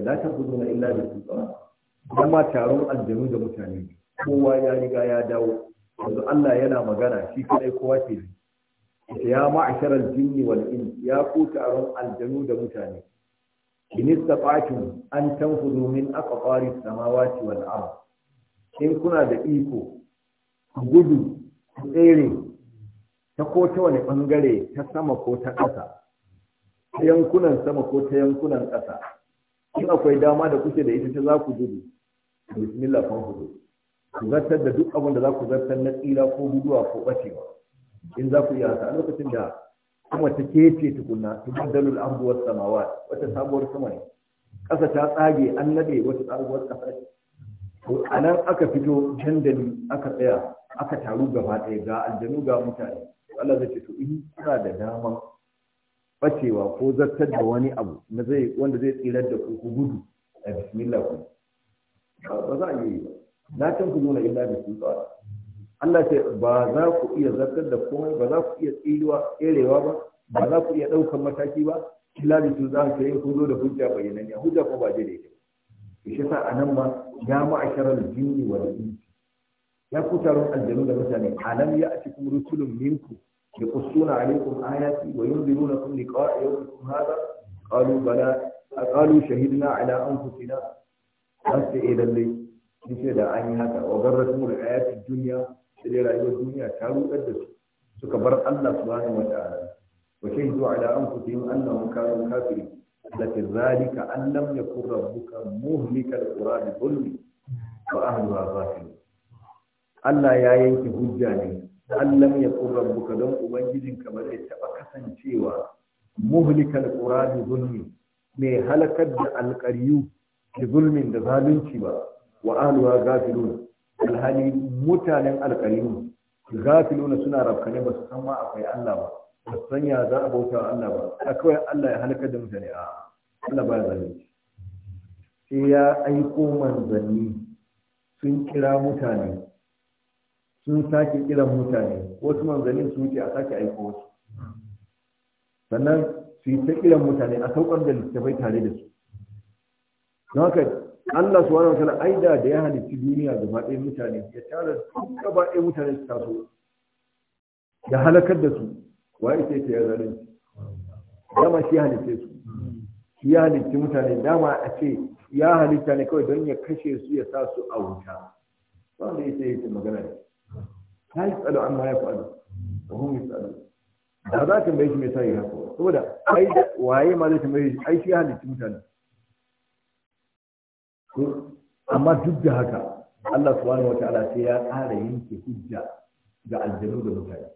eh, la tanfuduna illa bi sultan Zama taron aljanu da mutane kowa ya riga ya dawo yanzu Allah yana magana shi kadai kowa ke ya ma'asharal jinni wal ya ku taron aljanu da mutane in istata'tum an tanfudu min aqfaris samawati wal ard in kuna da iko gudu tsere ta ko ta wani bangare ta sama ko ta ƙasa ta yankunan sama ko ta yankunan ƙasa in akwai dama da kuke da ita ta za ku gudu bismillah kun hudu ku zartar da duk abin da za ku zartar na tsira ko guduwa ko bacewa in za ku yi haka a lokacin da kuma ta kece tukunna ta ardu was samawa wata sabuwar sama ne ƙasa ta tsage an nade wata sabuwar ƙasa to nan aka fito dandali aka tsaya aka taru gaba ɗaya ga aljanu ga mutane Allah zai ce to in kuna da daman bacewa ko zartar da wani abu zai wanda zai tsirar da ku gudu a bismillah kuma ba za a yi ba ku tanfuzuna illa bi sultan Allah ce ba za ku iya zartar da komai ba za ku iya tsiruwa tserewa ba ba za ku iya ɗaukar mataki ba illa da sultan sai ku zo da hujja bayyananniya hujja ko ba daidai ba shi sa a nan ma ya ma'asharal jinni wal insi ya ku taron aljanu da mutane alam ya ci kuma rusulun minku ku yaqussuna alaykum ayati wa yunzirunakum liqa'a yawmikum hadha qalu bala qalu shahidna ala anfusina za su ce eh, lalle sun ce da an yi haka wa garratu mu da ayatul duniya da dai rayuwar duniya ta rudar da su suka bar Allah subhanahu wa ta'ala wa shahidu ala anfusihim annahum kanu kafirin allati zalika an lam yakun rabbuka muhlikal qura bi dhulmi wa ahliha ghafilun Allah ya yanke hujja ne an lam yakun rabbuka don ubangijinka ba zai taba kasancewa muhlikal qura bi dhulmi mai halakar da alƙaryu da zulmin da zalunci ba wa aluwa gafiluna alhali mutanen alkarimu gafiluna suna rafkane ba su san ma akwai Allah ba ba su san ya za a bauta Allah ba a kawai Allah ya halakar da mutane a Allah ba zalunci sai ya aiko manzanni sun kira mutane sun sake kiran mutane wasu manzanni su wuce a sake aiko wasu sannan su yi ta kiran mutane a saukar da littafai tare da su don haka Allah wani wataala aida da ya halitti duniya ga baɗe mutane ya tara duk gaba ɗaya mutane su taso ya halakar da su wa ita ta ya zalunci dama shi halitte su shi ya halitti mutane dama a ce ya halitta ne kawai don ya kashe su ya sa su a wuta wanda ya ce magana ne ta yi tsalo an amma ya faɗo da hun yi tsalo da za ta mai shi mai sa yi haka saboda waye ma zai ta mai shi ai shi halitti mutane amma duk da haka Allah subhanahu wataala sai ya ƙara yanke hujja ga aljanu da mutane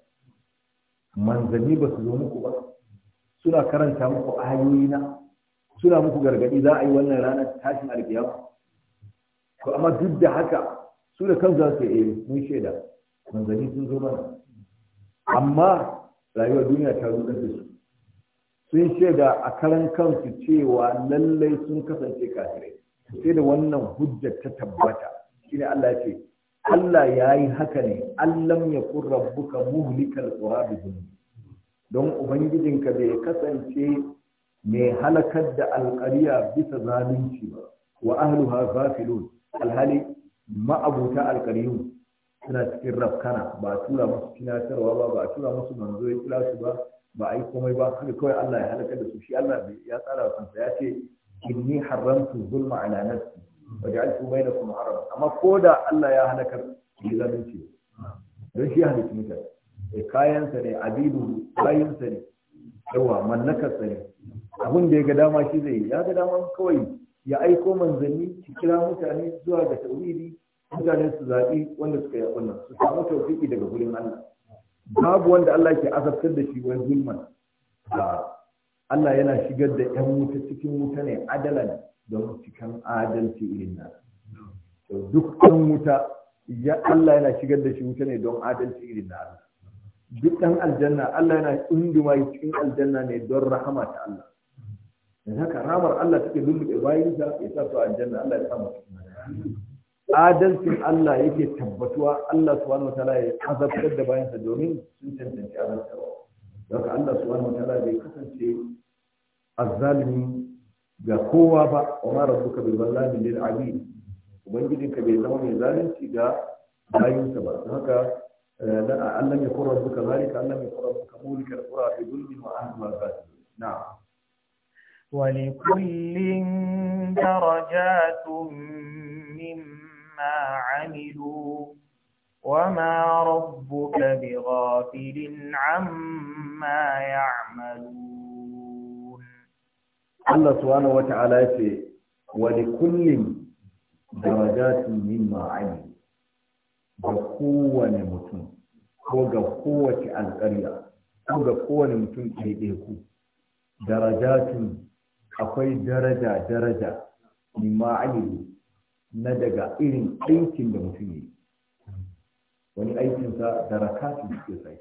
manzanni ba su zo muku ba suna karanta muku ayoyi na suna muku gargadi za a yi wannan ranar tashin alkiyama ko amma duk da haka su da kansu su yi eh, mun shaida manzanni sun zo mana amma rayuwar duniya ta rudar da su sun shaida a karan kansu cewa lallai sun kasance kafirai sai da wannan hujjar ta tabbata shine Allah ya ce Allah ya yi haka ne allam ya kun rabbuka muhlikal qura bi don ubangijinka bai kasance mai halakar da alƙariya bisa zalunci ba wa ahluha ghafilun alhali ma'abuta alƙariyun suna cikin rafkana ba a tura musu tunatarwa ba ba a tura musu manzo ya kira su ba ba a yi komai ba haka kawai Allah ya halakar da su shi Allah ya tsara kansa ya ce inni haramtu zulma ala nafsi wa ja'altu bainakum haram amma ko da Allah ya halakar bi zalunci don shi halitta kayan kayansa ne abidu sa ne yawa sa ne Abun da ya ga dama shi zai ya ga dama kawai ya aiko manzanni ki kira mutane zuwa ga tauhidi mutane su zaɓi wanda suka yi wannan su samu tauhidi daga gurin Allah babu wanda Allah ke azabtar da shi wani zulman a Allah yana shigar da ‘yan wuta cikin wuta ne adalan don cikin adalci irin na. To duk ɗan wuta ya Allah yana shigar da shi wuta ne don adalci irin na Allah. Duk ɗan aljanna Allah yana tsunduma cikin aljanna ne don rahama ta Allah. Da haka ramar Allah take lulluɓe bayansa ya sa su aljanna Allah ya samu adalcin Allah yake tabbatuwa Allah subhanahu wa ta'ala ya azabtar da bayansa domin sun cancanci azabtarwa. Daga Allah subhanahu wa ta'ala bai kasance azzalimi ga kowa ba amma rabbuka bai zallami lil abid ka bai zama mai zalunci ga bayinsa ba don haka dan Allah ya kura rabbuka zalika Allah ya kora rabbuka mulkal qura bi dhulmin wa ahli zalim na'am ولكل درجات مما عملوا وما ربك بغافل عما يعملون Allah subhanahu wani ya ce wa kullum kullin darajatun yin ma'ani ga kowane mutum ko ga kowace alƙarya ko ga kowane mutum ɗaiɗaiku darajatun akwai daraja daraja yin ma'ani na daga irin aikin da mutum yi wani aikinsa da rakatun suke sai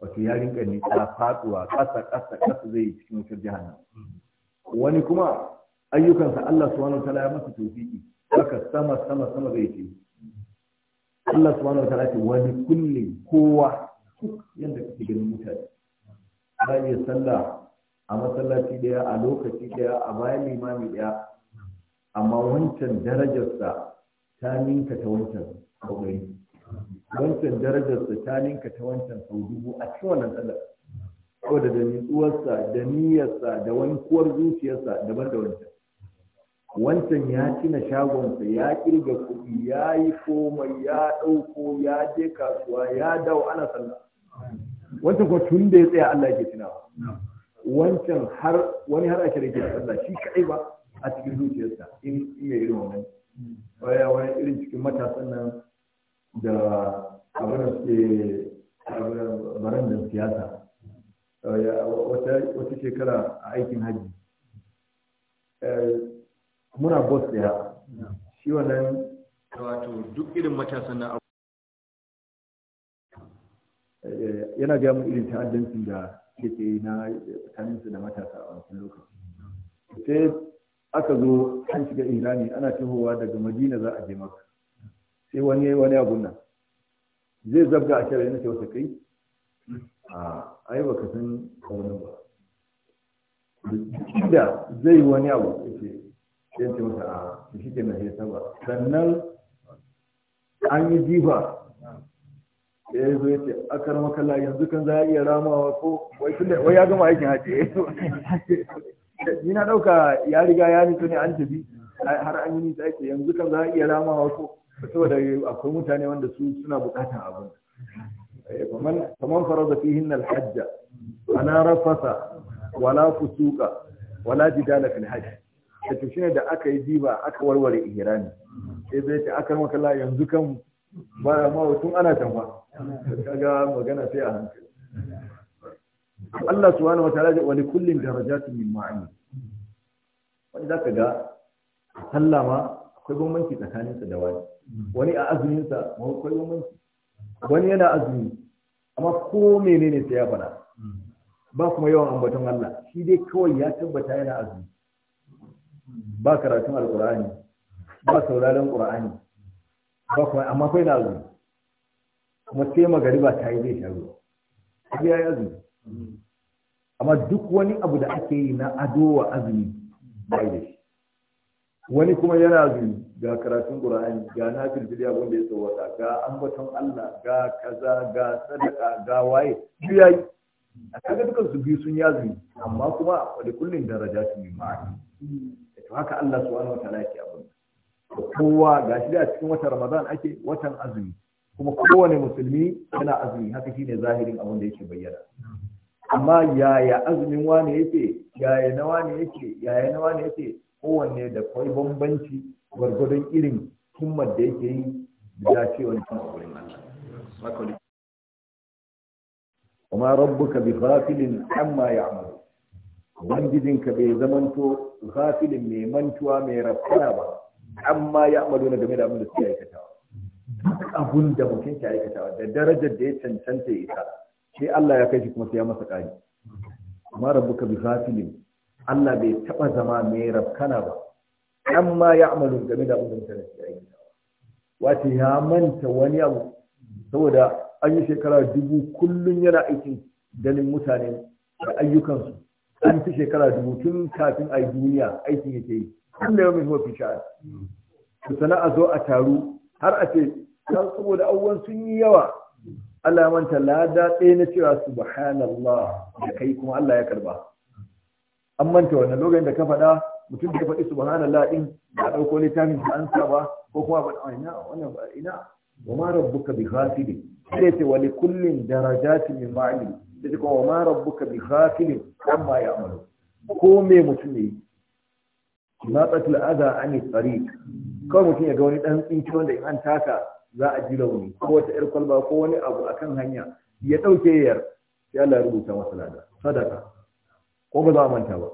wato ya rinka ta faɗuwa ƙasa ƙasa ƙasa zai cikin wutar jihar wani kuma ayyukansa Allah subhanahu wa ta'ala ya masa tofiki haka sama sama sama zai ce Allah subhanahu wa ta'ala ce wani kullin kowa duk yanda kake ganin mutane ba iya sallah a masallaci daya a lokaci daya a bayan limami daya amma wancan darajarsa ta ninka ta wancan sau wancan darajarsa ta ninka ta wancan sau dubu a cikin wannan sallar saboda da nutsuwarsa da niyyarsa da kuwar zuciyarsa daban da wancan wancan ya cina shagonsa ya kirga kuɗi ya yi komai ya ɗauko ya je kasuwa ya dawo ana sallah wancan kuma tun da ya tsaya Allah yake tunawa wancan har wani har ashirin ke sallah shi kaɗai ba a cikin zuciyarsa in iya irin wannan baya wani irin cikin matasan nan da abin da suke da siyasa Eh, wata shekara a aikin hajji eh, muna bus daya shi wannan wato duk irin matasan na abu. Eh, yana gaya mu irin ta'addanci da ke ce na su da matasa a wasu lokaci sai aka zo an shiga irani ana tuhowa daga madina za a je maka sai wani wani abun nan zai zabga a shirya na ce wata kai a ai baka san wani ba da zai wani abu yake sai ce masa a shi ke na hesa ba sannan an yi jifa ya yi zo ya ce akar makala yanzu kan za a iya ramawa ko wai ya gama aikin haji ni na ɗauka ya riga ya nito ne an tafi har an yi nisa yake yanzu kan za a iya ramawa ko saboda akwai mutane wanda su suna bukatan abin فمن فرض فيهن الحج فلا رفث ولا فسوق ولا جدال في الحج to shine da aka yi jiba aka warware ihrami sai zai ta aka maka la yanzu kan ba ma tun ana can fa kaga magana sai a hankali Allah subhanahu wataala ya wali kullin darajatun min ma'ani wani zaka ga Allah ma akwai bambanci tsakaninsa da wani wani a azumin sa ma akwai bambanci wani yana azumi kuma ko menene sai ya faɗa ba kuma yawan ambaton Allah shi dai kawai ya tabbata yana azumi ba karatun Alqur'ani ba sauraron qur'ani ba kuma amma kai na azumi kuma sai magariba ta yi zai sharu sai ya yi azumi amma duk wani abu da ake yi na ado wa azumi bai da shi wani kuma yana azumi ga karatun qur'ani ga nafil abin da ya tsawata ga ambaton Allah ga kaza ga sadaka ga waye duk yayi a kaga dukan su biyu sun azumi, amma kuma kullum da kullun darajatu min ma'ani to haka Allah subhanahu wataala yake abin kowa gashi da cikin watan Ramadan ake watan azumi kuma kowane musulmi yana azumi haka shine zahirin abin da yake bayyana amma yaya azumin wane yake yaya na wane yake yaya na wane yake kowanne da kwai bambanci gwargwadon irin tummar da yake yi da ce wani a wurin Allah kuma ka bi ghafilin amma ya'malu ka bai zamanto ghafilin mai mantuwa mai rafana ba amma ya'malu na game da abin da suke aikatawa duk abun da mutum ke aikatawa da darajar da ya cancanta ita sai Allah ya kai shi kuma sai ya masa ƙari kuma ka bi ghafilin Allah bai taɓa zama mai rafkana ba amma ya amalu game da abin da suke yi wato ya manta wani abu saboda an yi shekara dubu kullum yana aikin ganin mutane da ayyukansu an fi shekara dubu tun kafin a duniya aikin yake yi kullum yau mai mafi sha'ar to sana'a zo a taru har a ce kan saboda abubuwan sun yi yawa Allah ya manta lada ɗaya na cewa subhanallah da kai kuma Allah ya karba an manta wannan lokacin da ka faɗa mutum da ya faɗi subhanallah din ba ɗauko littafin da an sa ba ko kuma ba ina wannan ba ina wa ma rabbuka bi ghafilin sai ce wa likullin darajatin min ma'ali sai kuma wa ma rabbuka bi ghafilin amma ya ko me mutum ne matsatul adha ani tariq kawai mutum ya ga wani dan tsinci wanda in an taka za a ji rauni ko wata yar kwalba ko wani abu akan hanya ya ɗauke yar sai Allah ya rubuta masa lada sadaka ko ba za a manta ba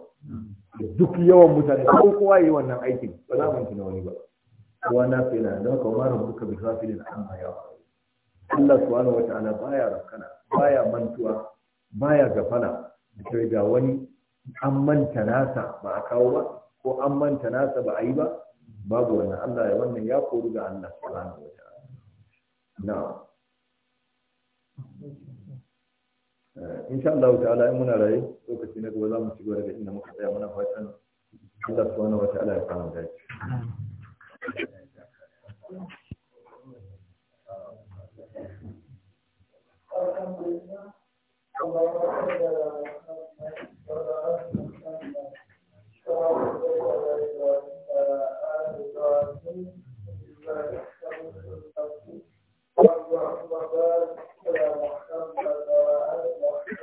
duk yawan mutane ko kowa yi wannan aikin ba za mu tuna wani ba kowa na sai na don ka umaru buka bi hafilin amma ya Allah subhanahu wa ta'ala baya rakana baya mantuwa baya gafala sai ga wani an manta nasa ba a kawo ba ko an manta nasa ba a yi ba babu wannan Allah ya wannan ya koru ga Allah subhanahu wa ta'ala Eh, insha Allah ta'ala in muna raye lokaci na gaba za mu ci gaba daga inda muka tsaya muna fatan Allah subhanahu wa ta'ala ya kama da Thank you.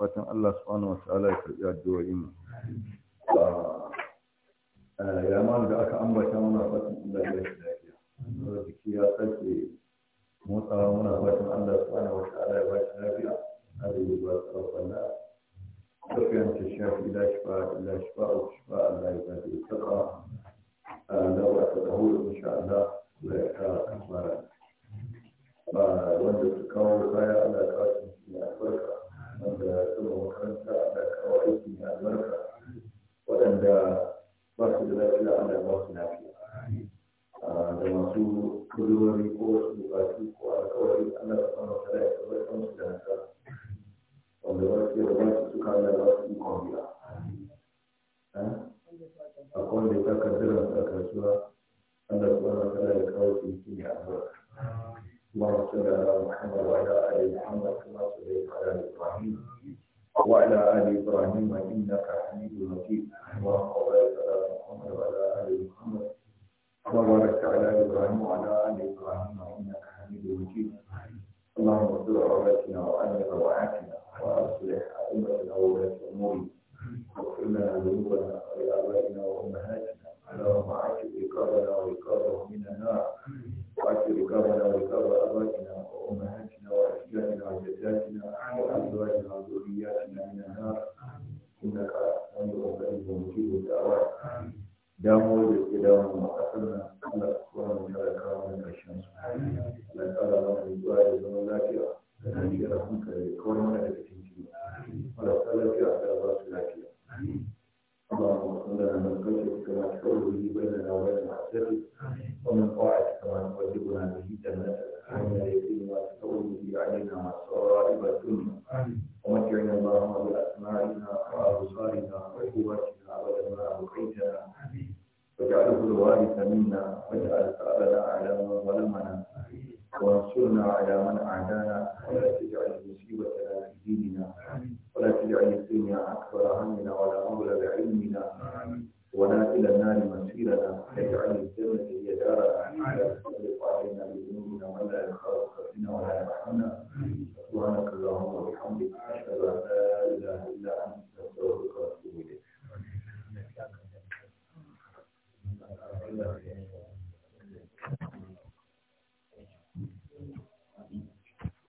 fatan Allah ولا يخاف فيه أبدا اللهم صل على محمد وعلى آل محمد كما صليت على إبراهيم وعلى آل إبراهيم إنك حميد مجيد اللهم بارك على محمد وعلى آل محمد كما باركت على إبراهيم وعلى آل إبراهيم إنك حميد مجيد اللهم اغفر عوراتنا وأمن روعاتنا وأصلح أئمتنا وولاة أمورنا واغفر لنا ذنوبنا ولآبائنا وأمهاتنا اللهم أعجب رقابنا ورقابهم من النار وأعجب رقابنا ورقاب أبائنا وأمهاتنا وأجدادنا وجداتنا وأزواجنا وذرياتنا من النار إنك أنت الغفور المجيب الدعوات داموا